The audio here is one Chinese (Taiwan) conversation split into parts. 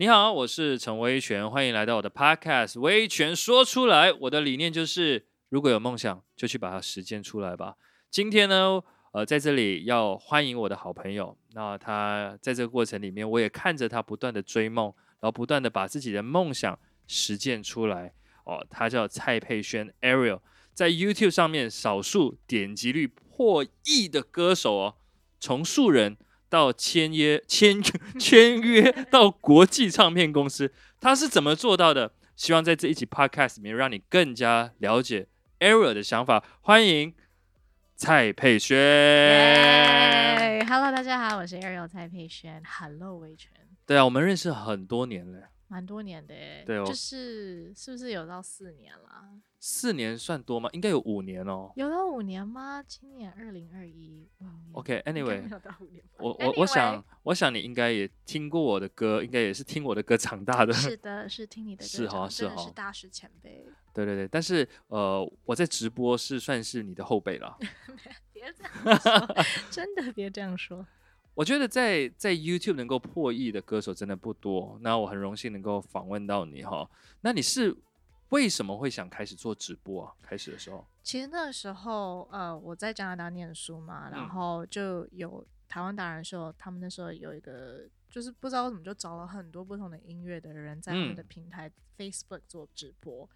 你好，我是陳威全。歡迎來到我的 podcast。威全說出來，我的理念就是，如果有夢想，就去把它實踐出來吧。今天呢，呃，在這裡要歡迎我的好朋友，那他在這個過程裡面，我也看着他不斷的追夢，然後不斷的把自己的夢想實踐出來。哦，他叫蔡佩軒 Ariel，在 YouTube 上面少數點擊率破億的歌手哦，從素人，到簽約簽約簽約到國際唱片公司，他是怎麼做到的？希望在這一集 Podcast 裡面讓你更加了解 Ariel 的想法。歡迎蔡佩軒 Yay，Hello，大家好，我是 Ariel 蔡佩軒 Hello，微塵。對啊，我們認識很多年了。蠻多年的哎，對哦，就是是不是有到四年了？四年算多嗎？應該有五年哦。有到五年嗎？今年二零二一 OK，Anyway，我我、anyway, 我想我想你應該也聽過我的歌，應該也是聽我的歌長大的。是的，是聽你的歌。是哈，是哈，是大師前輩。對對對，但是呃，我在直播是算是你的後輩了。 別這樣 真的別這樣說。我覺得在在 YouTube 能夠破億的歌手真的不多，那我很榮幸能夠訪問到你哈。那你是為什麼會想開始做直播啊？開始的時候，其實那時候呃我在加拿大念書嘛，然後就有、嗯、台灣達人秀。他們那時候有一個，就是不知道為什麼就找了很多不同的音樂的人在他們的平台、嗯、Facebook 做直播，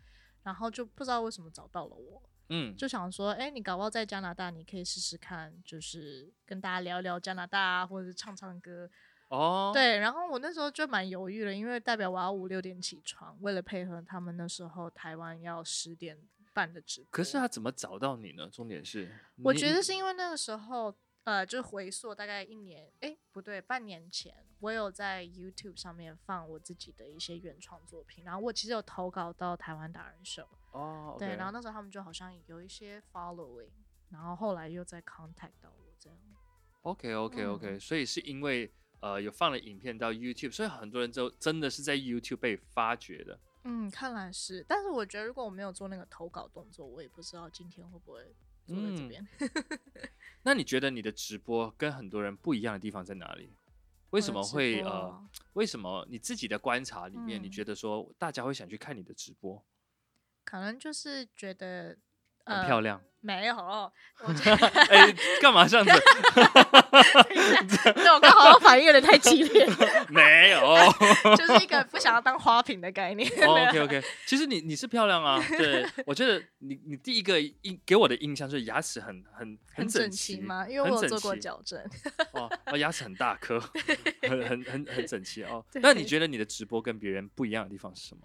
然後就不知道為什麼找到了我。嗯，就想說，哎、欸，你搞不好在加拿大，你可以試試看，就是跟大家聊聊加拿大、啊，或者是唱唱歌。哦，對，然後我那時候就蠻猶豫了，因為代表我要五六點起床，為了配合他們那時候台灣要十點半的直播。可是他怎麼找到你呢？重點是，我覺得是因為那個時候，呃，就是回溯大概一年，哎、欸，不對，半年前，我有在 YouTube 上面放我自己的一些原創作品，然後我其實有投稿到台灣達人秀。哦、oh, okay.，對，然後那時候他們就好像有一些 following，然後後來又再 contact 到我這樣。OK OK OK，、嗯、所以是因為呃有放了影片到 YouTube，所以很多人就真的是在 YouTube 被發掘的。嗯，看來是。但是我覺得如果我沒有做那個投稿動作，我也不知道今天會不會坐在這邊。嗯、 那你覺得你的直播跟很多人不一樣的地方在哪裡？為什麼會呃？為什麼你自己的觀察裡面、嗯、你覺得說大家會想去看你的直播？可能就是覺得、呃、很漂亮，沒有。哎、哦，幹、 欸、嘛這樣子？子 為 我剛好反應有點太激烈了。 沒有、哦啊，就是一個不想要當花瓶的概念。哦 哦、OK OK，其實你你是漂亮啊。對， 我覺得你你第一個印給我的印象是牙齒很很很整齊嗎很整？因為我有做過矯正。 哦，牙齒很大顆，很很很很整齊哦。那你覺得你的直播跟別人不一樣的地方是什麼？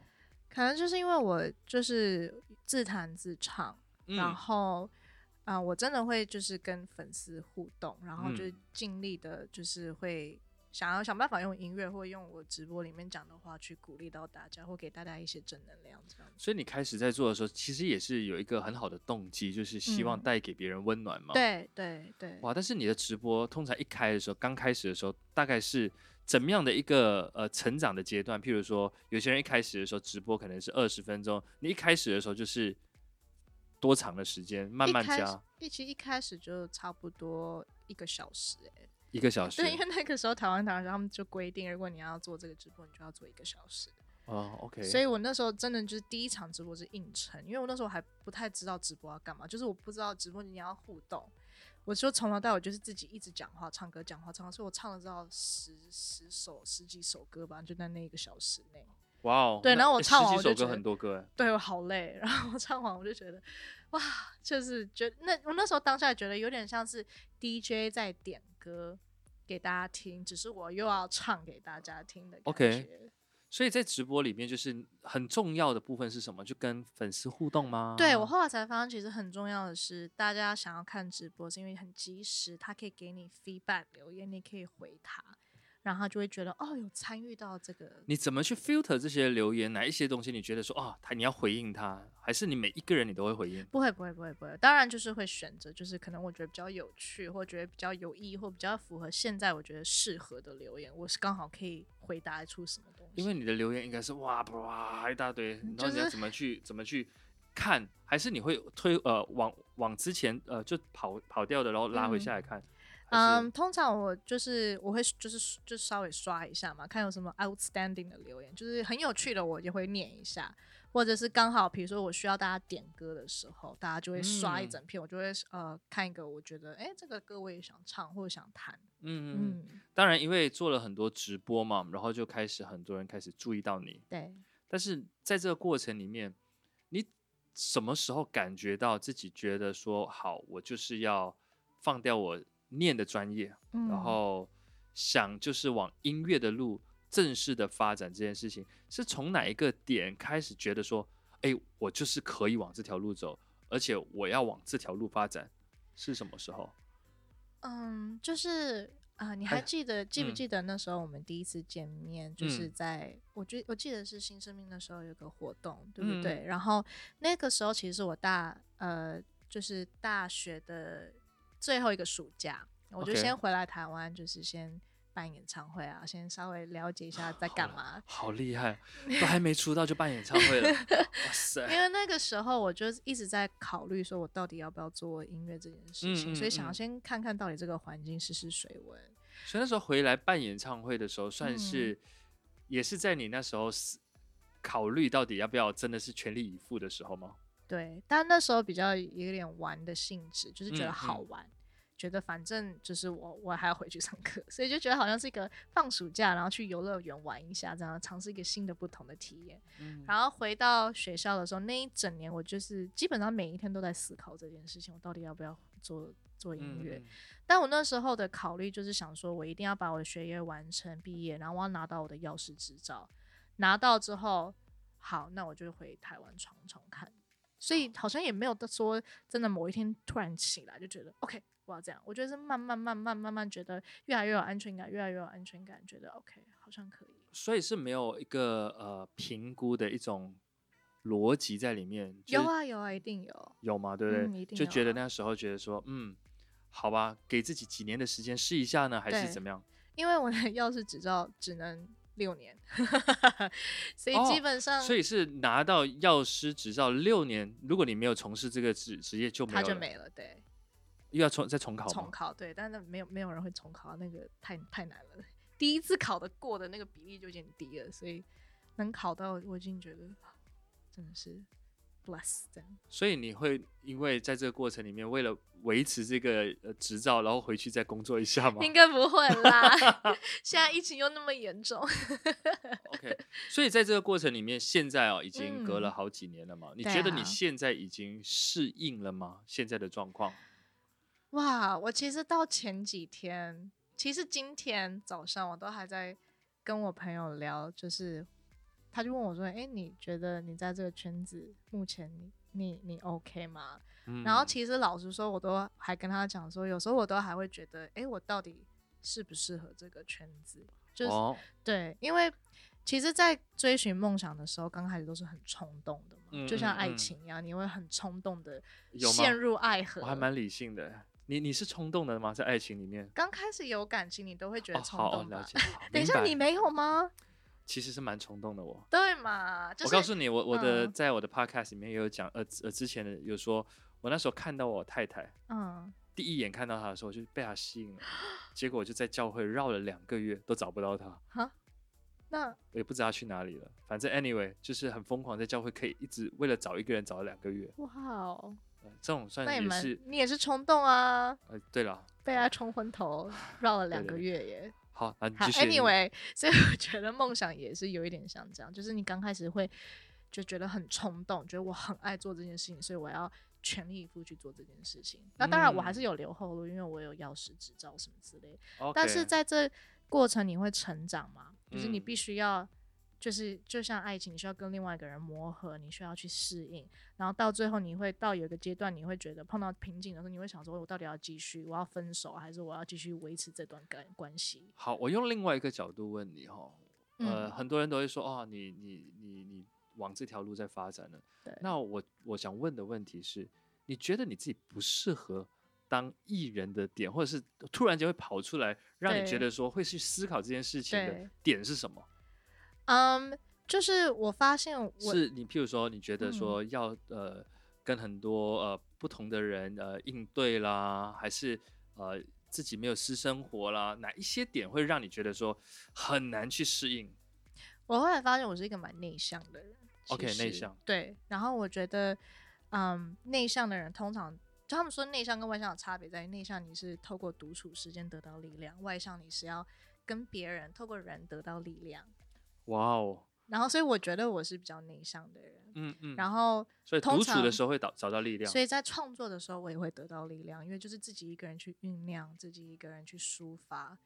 可能就是因為我就是自彈自唱，嗯、然後啊、呃，我真的會就是跟粉絲互動，然後就盡力的，就是會想要、嗯、想辦法用音樂或用我直播裡面講的話去鼓勵到大家，或給大家一些正能量這樣子。所以你開始在做的時候，其實也是有一個很好的動機，就是希望帶給別人溫暖嘛。嗯、對對對，哇！但是你的直播通常一開的時候，剛開始的時候大概是。怎麼樣的一個呃成長的階段？譬如說，有些人一開始的時候直播可能是二十分鐘，你一開始的時候就是多長的時間？慢慢加。一其實一,一開始就差不多一個小時，欸，哎，一個小時對。對，因為那個時候台灣台灣他們就規定，如果你要做這個直播，你就要做一個小時。哦，OK。所以我那時候真的就是第一場直播是硬撐，因為我那時候還不太知道直播要幹嘛，就是我不知道直播你要互動。我就從頭到尾就是自己一直講話、唱歌、講話、唱歌，所以我唱了至少十十首、十幾首歌吧，就在那一個小時內。哇、wow, 哦！對，然後我唱完我就覺得，十幾首歌很多歌，對，我好累。然後我唱完我就覺得，哇，就是覺那我那時候當下覺得有點像是 DJ 在點歌給大家聽，只是我又要唱給大家聽的感覺。Okay. 所以在直播裡面，就是很重要的部分是什麼？就跟粉絲互動嗎？對，我後來才發現，其實很重要的是，大家想要看直播是因為很即時，他可以給你 feedback，留言，你可以回他。然後他就會覺得哦，有參與到這個。你怎麼去 filter 這些留言？哪一些東西你覺得說哦，他你要回應他，還是你每一個人你都會回應？不會，不會，不會，不會。當然就是會選擇，就是可能我覺得比較有趣，或覺得比較有意義，或比較符合現在我覺得適合的留言，我是剛好可以回答出什麼東西。因為你的留言應該是哇，啪啦一大堆，就是，然後你要怎麼去怎麼去看？還是你會推呃，往往之前呃就跑跑掉的，然後拉回下來看？嗯嗯，um, 通常我就是我會就是就稍微刷一下嘛，看有什麼 outstanding 的留言，就是很有趣的，我也會念一下，或者是剛好比如說我需要大家點歌的時候，大家就會刷一整片，嗯、我就會呃看一個，我覺得哎這個歌我也想唱或者想彈。嗯嗯嗯。當然，因為做了很多直播嘛，然後就開始很多人開始注意到你。對。但是在這個過程裡面，你什麼時候感覺到自己覺得說好，我就是要放掉我。念的專業，然後想就是往音樂的路正式的發展這件事情，是從哪一個點開始覺得說，哎、欸，我就是可以往這條路走，而且我要往這條路發展，是什麼時候？嗯，就是啊、呃，你還記得、欸、記不記得那時候我們第一次見面，嗯、就是在我覺我記得是新生命的時候有個活動，對不對、嗯？然後那個時候其實我大呃就是大學的。最後一個暑假，我就先回來臺灣，就是先辦演唱會啊，okay、先稍微了解一下在幹嘛好。好厲害，都還沒出道就辦演唱會了，哇、 wow, 塞！因為那個時候我就一直在考慮，說我到底要不要做音樂這件事情嗯嗯嗯，所以想要先看看到底這個環境試試水溫。所以那時候回來辦演唱會的時候，算是也是在你那時候考慮到底要不要真的是全力以赴的時候嗎？對，但那時候比較有點玩的性質，就是覺得好玩，嗯嗯、覺得反正就是我我還要回去上課，所以就覺得好像是一個放暑假，然後去遊樂園玩一下，這樣嘗試一個新的不同的體驗、嗯。然後回到學校的時候，那一整年我就是基本上每一天都在思考這件事情，我到底要不要做做音樂、嗯嗯？但我那時候的考慮就是想說，我一定要把我的學業完成畢業，然後我要拿到我的藥師執照，拿到之後，好，那我就回台灣闖闖看。所以好像也沒有說真的某一天突然醒來就覺得 OK，我要這樣。我覺得是慢慢慢慢慢慢覺得越來越有安全感，越來越有安全感，覺得 OK，好像可以。所以是沒有一個呃評估的一種邏輯在裡面。就是、有啊有啊，一定有。有嗎？對不對、嗯啊？就覺得那時候覺得說，嗯，好吧，給自己幾年的時間試一下呢，還是怎麼樣？因為我的鑰匙只知道只能。六年， 所以基本上，哦、所以是拿到藥師執照六年，如果你沒有從事這個職職業就，就他就沒了，對，又要重再重考嗎？重考，對，但是沒有沒有人會重考，那個太太難了，第一次考的過的那個比例就有點低了，所以能考到，我已經覺得真的是。Bless them. 所以你會因為在這個過程裡面，為了維持這個呃執照，然後回去再工作一下嗎？應該不會啦， 現在疫情又那麼嚴重。 OK，所以在這個過程裡面，現在啊、哦、已經隔了好幾年了嘛、嗯，你覺得你現在已經適應了嗎、對啊、現在的狀況？哇，我其實到前幾天，其實今天早上我都還在跟我朋友聊，就是。他就問我說：“哎、欸，你覺得你在這個圈子目前你你你 OK 嗎、嗯？”然後其實老實說，我都還跟他講說，有時候我都還會覺得，哎、欸，我到底適不適合這個圈子？就是、哦、對，因為其實，在追尋夢想的時候，剛開始都是很衝動的嘛，嗯嗯嗯，就像愛情一樣，你會很衝動的陷入愛河。我還蠻理性的，你你是衝動的嗎？在愛情裡面，剛開始有感情，你都會覺得衝動的。哦、好，了解，好 等一下，你沒有嗎？其實是蠻衝動的，我。對嘛、就是，我告訴你，我我的、嗯、在我的 podcast 裡面也有講，呃呃，之前的有說，我那時候看到我太太，嗯，第一眼看到她的時候我就被她吸引了，啊、結果我就在教會繞了兩個月都找不到她。哈，那也不知道她去哪裡了，反正 anyway 就是很瘋狂，在教會可以一直為了找一個人找了兩個月，哇哦，呃、這種算是，是，你也是衝動啊，呃、對了，被她衝昏頭、啊，繞了兩個月耶。對對。好，謝謝好，Anyway，所以我覺得夢想也是有一點像這樣，就是你剛開始會就覺得很衝動，覺得我很愛做這件事情，所以我要全力以赴去做這件事情，嗯。那當然我還是有留後路，因為我有藥師執照什麼之類的。Okay. 但是在這過程你會成長嘛？就是你必須要。就是就像愛情，你需要跟另外一個人磨合，你需要去適應，然後到最後你會到有一個階段，你會覺得碰到瓶頸的時候，你會想說，我到底要繼續，我要分手，還是我要繼續維持這段感關係？好，我用另外一個角度問你哈，呃、嗯，很多人都會說，哦，你你你你往這條路在發展了，對。那我我想問的問題是，你覺得你自己不適合當藝人的點，或者是突然間會跑出來讓你覺得說會去思考這件事情的點是什麼？嗯、um，就是我發現我，是你，譬如說，你覺得說要、嗯、呃跟很多呃不同的人呃應對啦，還是呃自己沒有私生活啦，哪一些點會讓你覺得說很難去適應？我後來發現，我是一個蠻內向的人。OK，內向。對，然後我覺得，嗯、呃，內向的人通常，就他們說內向跟外向的差別在於內向，你是透過獨處時間得到力量；外向，你是要跟別人透過人得到力量。哇哦，然後所以我覺得我是比較內向的人，嗯嗯，然後所以獨處的時候會找找到力量，所以在創作的時候我也會得到力量，因為就是自己一個人去醞釀，自己一個人去抒發。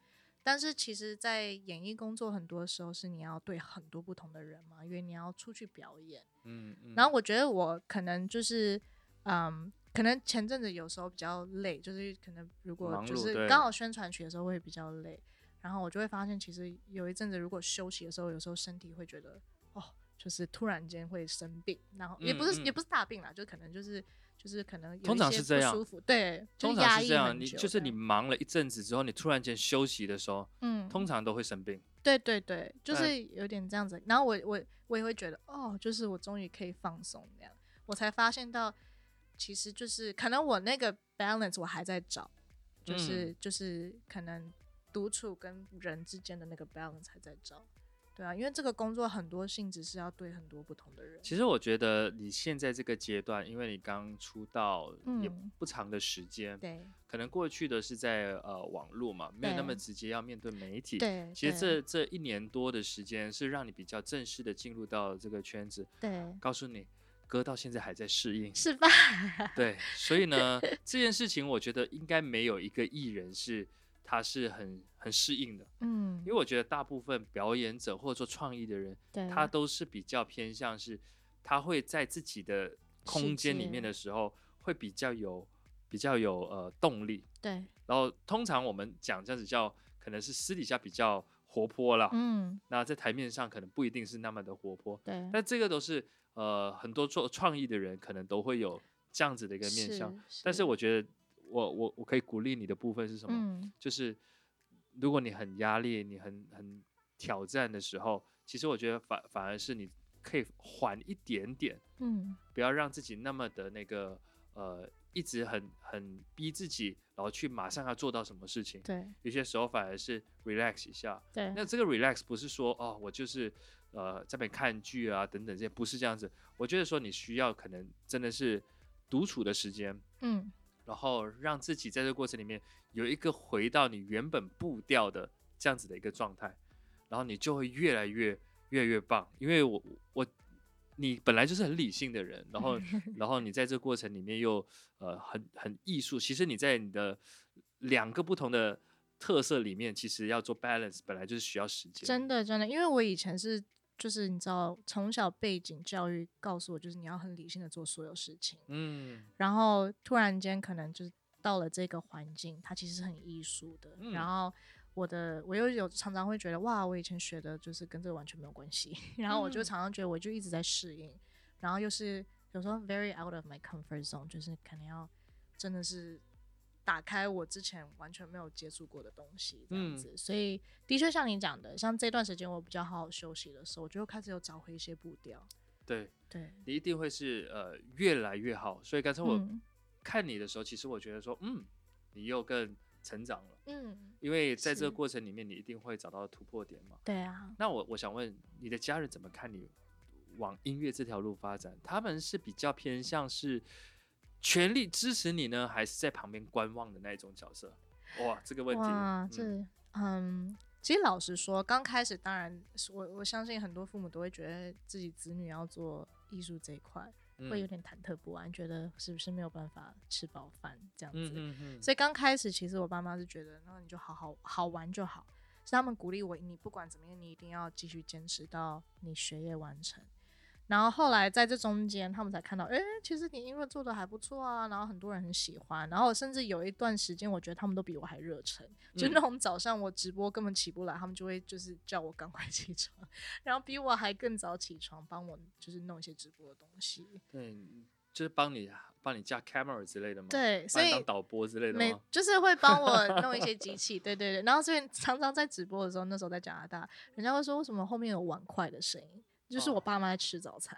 但是其實，在演藝工作很多時候是你要對很多不同的人嘛，因為你要出去表演，嗯嗯，然後我覺得我可能就是，嗯，可能前陣子有時候比較累，就是可能如果就是剛好宣傳曲的時候會比較累。然後我就會發現，其實有一陣子，如果休息的時候，有時候身體會覺得，哦，就是突然間會生病，然後也不是、嗯嗯、也不是大病啦，就可能就是就是可能有，一些不舒服對，通常是這樣，就你就是你忙了一陣子之後，你突然間休息的時候，嗯，通常都會生病，對對對，就是有點這樣子。然後我我我也會覺得，哦，就是我終於可以放鬆那樣，我才發現到，其實就是可能我那個 balance 我還在找，就是、嗯、就是可能。獨處跟人之間的那個 balance 才在找，對啊，因為這個工作很多性質是要對很多不同的人。其實我覺得你現在這個階段，因為你剛出道、嗯、也不長的時間，對，可能過去的是在呃網絡嘛，沒有那麼直接要面對媒體。對，其實這這一年多的時間是讓你比較正式的進入到這個圈子。對，告訴你，哥到現在還在適應，是吧？對，所以呢， 這件事情我覺得應該沒有一個藝人是。他是很很適應的，嗯，因為我覺得大部分表演者或者做創意的人，對，他都是比較偏向是，他會在自己的空間裡面的時候，會比較有比較有呃動力，對。然後通常我們講這樣子叫，可能是私底下比較活潑了，嗯，那在台面上可能不一定是那麼的活潑，對。但這個都是呃很多做創意的人可能都會有這樣子的一個面向，但是我覺得。我我我可以鼓勵你的部分是什麼？嗯、就是如果你很壓力，你很很挑戰的時候，其實我覺得反反而是你可以緩一點點，嗯，不要讓自己那麼的那個呃一直很很逼自己，然後去馬上要做到什麼事情。對，有些時候反而是 relax 一下。對，那這個 relax 不是說哦我就是呃在那邊看劇啊等等這些，不是這樣子。我覺得說你需要可能真的是獨處的時間，嗯。然後讓自己在這個過程裡面有一個回到你原本步調的這樣子的一個狀態，然後你就會越來越，越來越棒。因為我我你本來就是很理性的人，然後然後你在這過程裡面又呃很很藝術。其實你在你的兩個不同的特色裡面，其實要做 balance，本來就是需要時間。真的真的，因為我以前是。就是你知道，從小背景教育告訴我，就是你要很理性的做所有事情。嗯，然後突然間可能就是到了這個環境，它其實很藝術的。嗯、然後我的我又有常常會覺得，哇，我以前學的就是跟這個完全沒有關係。然後我就常常覺得，我就一直在適應。嗯、然後又是有時候 very out of my comfort zone，就是可能要真的是。打開我之前完全沒有接觸過的東西，這樣子，嗯、所以的確像你講的，像這段時間我比較好好休息的時候，我就開始有找回一些步調。對對，你一定會是呃越來越好。所以剛才我看你的時候、嗯，其實我覺得說，嗯，你又更成長了，嗯，因為在這個過程裡面，你一定會找到突破點嘛。對啊。那我我想問，你的家人怎麼看你往音樂這條路發展？他們是比較偏向是？全力支持你呢，還是在旁邊觀望的那一種角色？哇，這個問題，這、嗯，嗯，其實老實說，剛開始當然，我我相信很多父母都會覺得自己子女要做藝術這一塊、嗯，會有點忐忑不安，覺得是不是沒有辦法吃飽飯這樣子。嗯嗯嗯。所以剛開始，其實我爸媽是覺得，那你就好好好玩就好。是他們鼓勵我，你不管怎麼樣，你一定要繼續堅持到你學業完成。然後後來在這中間，他們才看到，哎、欸，其實你音樂做的還不錯啊，然後很多人很喜歡，然後甚至有一段時間，我覺得他們都比我還熱誠、嗯，就那種早上我直播根本起不來，他們就會就是叫我趕快起床，然後比我還更早起床，幫我就是弄一些直播的東西，對，就是幫你幫你架 camera 之類的嗎？對，所以導播之類的，就是會幫我弄一些機器， 對對對。然後所以常常在直播的時候，那時候在加拿大，人家會說，為什麼後面有碗筷的聲音？就是我爸媽在吃早餐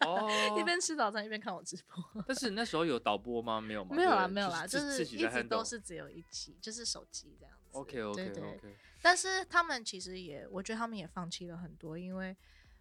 ，oh. 一邊吃早餐一邊看我直播。Oh. 但是那時候有導播嗎？沒有嗎？沒有啦，沒有啦，就是，就是一直都是只有一機，就是手機這樣子。OK OK 對對對 OK。但是他們其實也，我覺得他們也放棄了很多，因為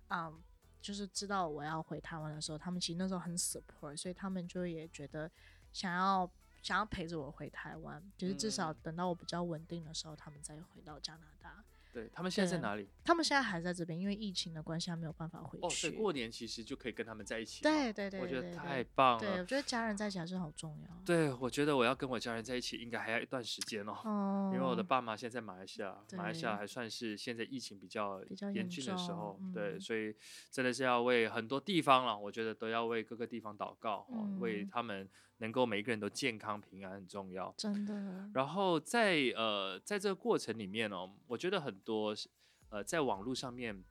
啊，嗯，就是知道我要回台灣的時候，他們其實那時候很 support，所以他們就也覺得想要想要陪着我回台灣，就是至少等到我比較穩定的時候，嗯，他們再回到加拿大。對，他們現在在哪裡？他們現在還在這邊，因為疫情的關係，還沒有辦法回去。哦，所以過年其實就可以跟他們在一起。對對對，我覺得太棒了。對，我覺得家人在一起還是好重要。對，我覺得我要跟我家人在一起，應該還要一段時間哦。哦、嗯。因為我的爸媽現在在馬來西亞，馬來西亞還算是現在疫情比較比較嚴峻的時候、嗯。對，所以真的是要為很多地方了，我覺得都要為各個地方禱告哦、嗯，為他們能夠每一個人都健康平安很重要。真的。然後在呃在這個過程裡面哦，我覺得很。多，呃，在網絡上面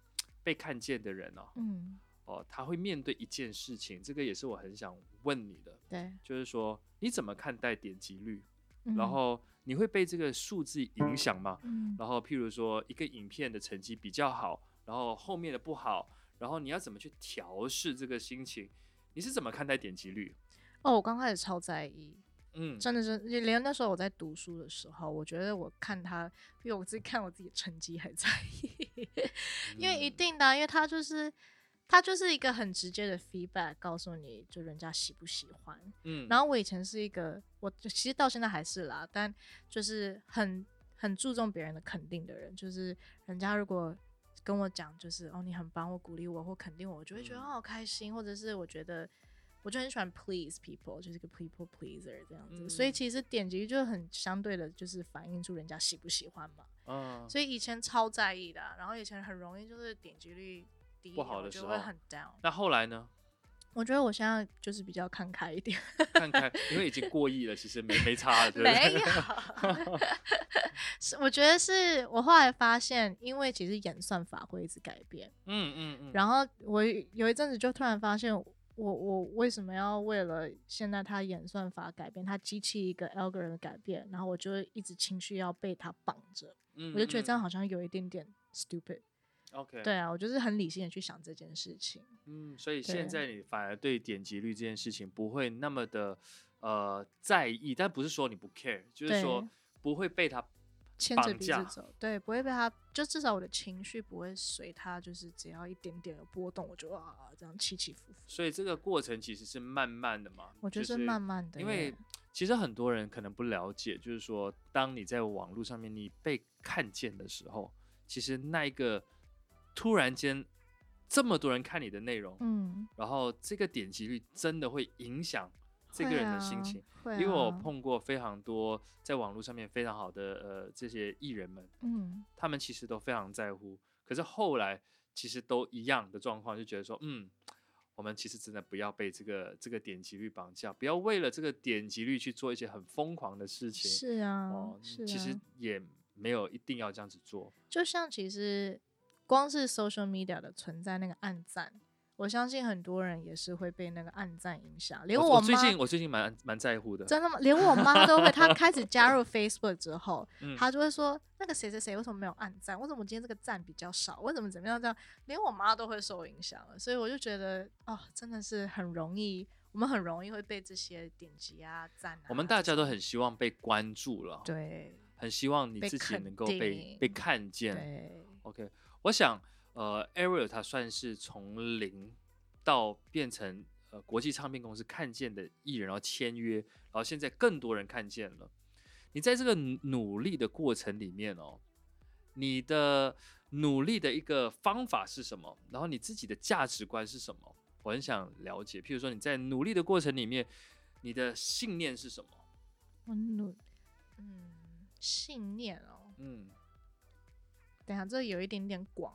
被看見的人哦、喔，嗯，哦、喔，他會面對一件事情，這個也是我很想問你的，對，就是說你怎麼看待點擊率？嗯，然後你會被這個數字影響嗎？嗯，然後譬如說一個影片的成績比較好，然後後面的不好，然後你要怎麼去調適這個心情？你是怎麼看待點擊率？哦，我剛開始超在意。嗯，真的是，連那時候我在讀書的時候，我覺得我看他，因為我自己看我自己成績還在， 因為一定的、啊，因為他就是他就是一個很直接的 feedback，告訴你就人家喜不喜歡。嗯，然後我以前是一個，我其實到現在還是啦，但就是很很注重別人的肯定的人，就是人家如果跟我講，就是哦你很棒我鼓勵我或肯定我，我就會覺得哦好開心、嗯，或者是我覺得。我就很喜歡 please people，就是一個 people pleaser 這樣子，嗯、所以其實點擊率就很相對的，就是反映出人家喜不喜歡嘛、嗯。所以以前超在意的，然後以前很容易就是點擊率低不好的時候會很 down。那後來呢？我覺得我現在就是比較看開一點。看開，因為已經過億了，其實沒沒差了，對不對？是， 我覺得是我後來發現，因為其實演算法會一直改變。嗯嗯，嗯。然後我有一陣子就突然發現。我我為什麼要為了現在他演算法改變他機器一個 algorithm 的改變，然後我就會一直情緒要被他綁着，嗯嗯，我就覺得這樣好像有一點點 stupid。OK，對啊，我就是很理性的去想這件事情。嗯，所以現在你反而對點擊率這件事情不會那麼的呃在意，但不是說你不 care，就是說不會被他。牽着鼻子走，對，不會被他，就至少我的情緒不會隨他，就是只要一點點的波動，我就啊這樣起起伏伏。所以這個過程其實是慢慢的嘛，我覺得是慢慢的。就是、因為其實很多人可能不了解，就是說，當你在網絡上面你被看見的時候，其實那一個突然間這麼多人看你的內容，嗯，然後這個點擊率真的會影響。這個人的心情、啊，因為我碰過非常多在網絡上面非常好的呃這些藝人們、嗯，他們其實都非常在乎，可是後來其實都一樣的狀況，就覺得說，嗯，我們其實真的不要被這個這個點擊率綁架，不要為了這個點擊率去做一些很瘋狂的事情，是啊，嗯、是啊，其實也沒有一定要這樣子做，就像其實光是 social media 的存在那個按讚。我相信很多人也是會被那個按讚影響，連我媽，最近我最近蠻蠻在乎的，真的嗎？連我媽都會， 她開始加入 Facebook 之後，嗯、她就會說那個誰誰誰為什麼沒有按讚，為什麼我今天這個讚比較少，為什麼怎麼樣這樣？連我媽都會受影響了，所以我就覺得哦，真的是很容易，我們很容易會被這些點擊啊讚、啊。我們大家都很希望被關注了，對，很希望你自己能夠被被，被看見對。OK，我想。呃，Ariel 他算是從零到變成呃國際唱片公司看見的藝人，然後簽約，然後現在更多人看見了。你在這個努力的過程裡面哦，你的努力的一個方法是什麼？然後你自己的價值觀是什麼？我很想了解。譬如說你在努力的過程裡面，你的信念是什麼？我努嗯，信念哦，嗯。這有一點點廣，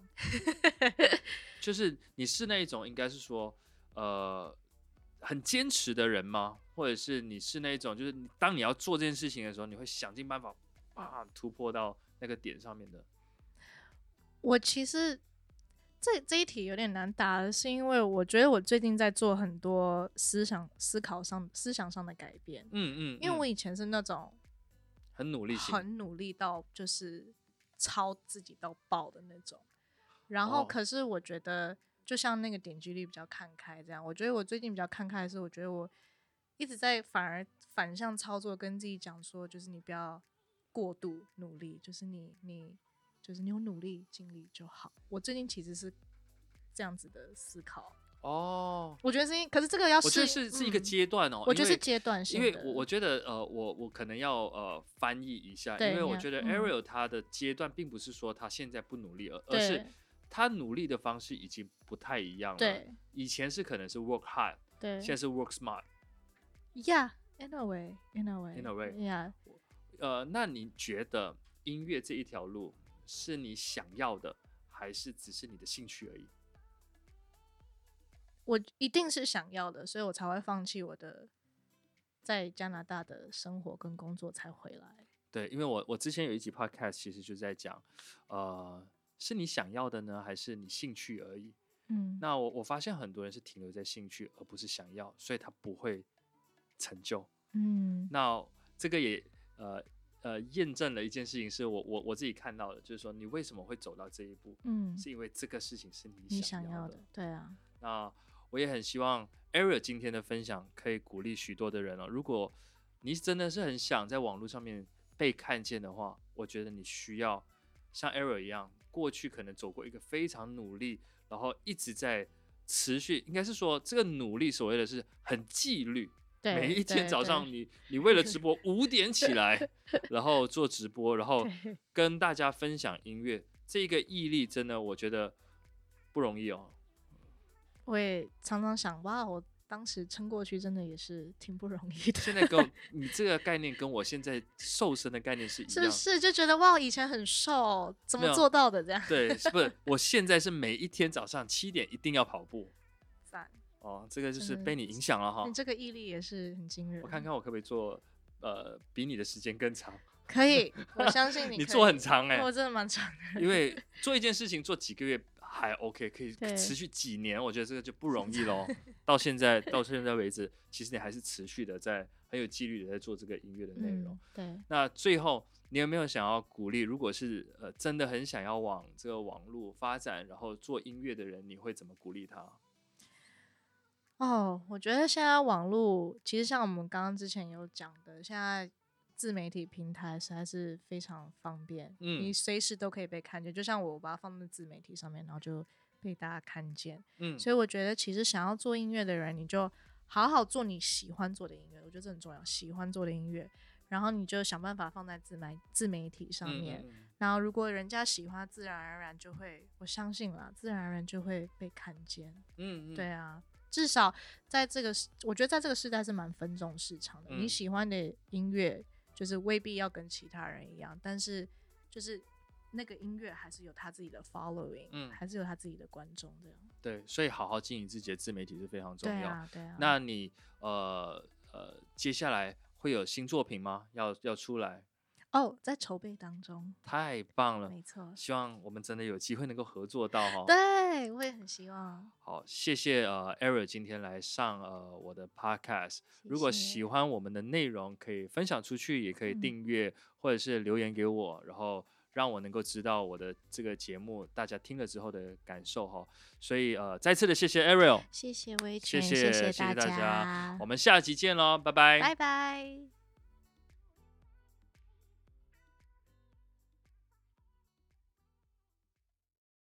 就是你是那一種應該是說，呃，很堅持的人嗎？或者是你是那種，就是當你要做這件事情的時候，你會想盡辦法啊突破到那個點上面的？我其實這這一題有點難答，是因為我覺得我最近在做很多思想、思考上、思想上的改變。嗯嗯，嗯，因為我以前是那種很努力、很努力到就是。操自己到爆的那種，然後可是我覺得，就像那個點擊率比較看開這樣，我覺得我最近比較看開的是，我覺得我一直在反而反向操作，跟自己講說，就是你不要過度努力，就是你你就是你有努力盡力就好。我最近其實是。這樣子的思考哦，oh, 我覺得是，可是這個要是是是一個階段哦，我覺得是階段、喔嗯、階段性的。因為，我我覺得呃，我我可能要呃翻譯一下，因為我覺得 Ariel 他的階段並不是說他現在不努力，而、嗯、而是他努力的方式已經不太一樣了。對，以前是可能是 work hard，對，現在是 work smart。Yeah, in a way, in a way, in a way. Yeah. 呃，那你覺得音樂這一條路是你想要的，還是只是你的興趣而已？我一定是想要的，所以我才會放棄我的在加拿大的生活跟工作才回來。對，因為我我之前有一集 podcast 其實就在講，呃，是你想要的呢，還是你興趣而已？嗯，那我我發現很多人是停留在興趣而不是想要，所以他不會成就。嗯，那這個也呃呃驗證了一件事情，是我我我自己看到的，就是說你為什麼會走到這一步？嗯，是因為這個事情是你想你想要的，對啊，那。我也很希望 Ariel 今天的分享可以鼓勵許多的人哦。如果你真的是很想在網絡上面被看見的話，我覺得你需要像 Ariel 一樣，過去可能走過一個非常努力，然後一直在持續，應該是說這個努力所謂的是很紀律。每一天早上，你你為了直播五點起來，然後做直播，然後跟大家分享音樂，這個毅力真的我覺得不容易哦。我也常常想，哇，我當時撐過去真的也是挺不容易的。現在跟你這個概念跟我現在瘦身的概念是一樣。 是不是？就覺得哇，我以前很瘦，怎麼做到的這樣？對，是不是，是我現在是每一天早上七點一定要跑步。贊！哦，這個就是被你影響了哈、嗯。你這個毅力也是很驚人。我看看我可不可以做，呃，比你的時間更長。可以，我相信你可以。 你做很長哎、欸？我真的蠻長的。因為做一件事情做幾個月。還 OK，可以持續幾年，我覺得這個就不容易嘍。 到現在，到現在為止，其實你還是持續的在很有紀律的在做這個音樂的內容。嗯、對，那最後你有沒有想要鼓勵？如果是呃，真的很想要往這個網絡發展，然後做音樂的人，你會怎麼鼓勵他？哦，我覺得現在網絡其實像我們剛剛之前有講的，現在。自媒體平台實在是非常方便，你隨時都可以被看見。就像我把它放在自媒體上面，然後就被大家看見，所以我覺得其實想要做音樂的人，你就好好做你喜歡做的音樂，我覺得這很重要。喜歡做的音樂，然後你就想辦法放在自媒自媒體上面，然後如果人家喜歡，自然而然就會，我相信了，自然而然就會被看見，嗯，對啊，至少在這個我覺得在這個時代是蠻分眾市場的，你喜歡的音樂，就是未必要跟其他人一樣，但是就是那個音樂還是有他自己的 following，嗯，還是有他自己的觀眾這樣。對，所以好好經營自己的自媒體是非常重要。對啊，對啊。那你呃呃，接下來會有新作品嗎？要要出來？Oh, 在籌備當中，太棒了，沒錯，希望我們真的有機會能夠合作到哈、哦。 對，我也很希望。好，謝謝呃、uh, Ariel 今天來上呃、uh, 我的 podcast，謝謝。如果喜歡我們的內容，可以分享出去，也可以訂閱、嗯、或者是留言給我，然後讓我能夠知道我的這個節目大家聽了之後的感受哈、哦。所以呃、uh, 再次的謝謝 Ariel，謝謝維權，謝謝大家，謝謝大家 我們下期見嘍，拜拜，拜拜。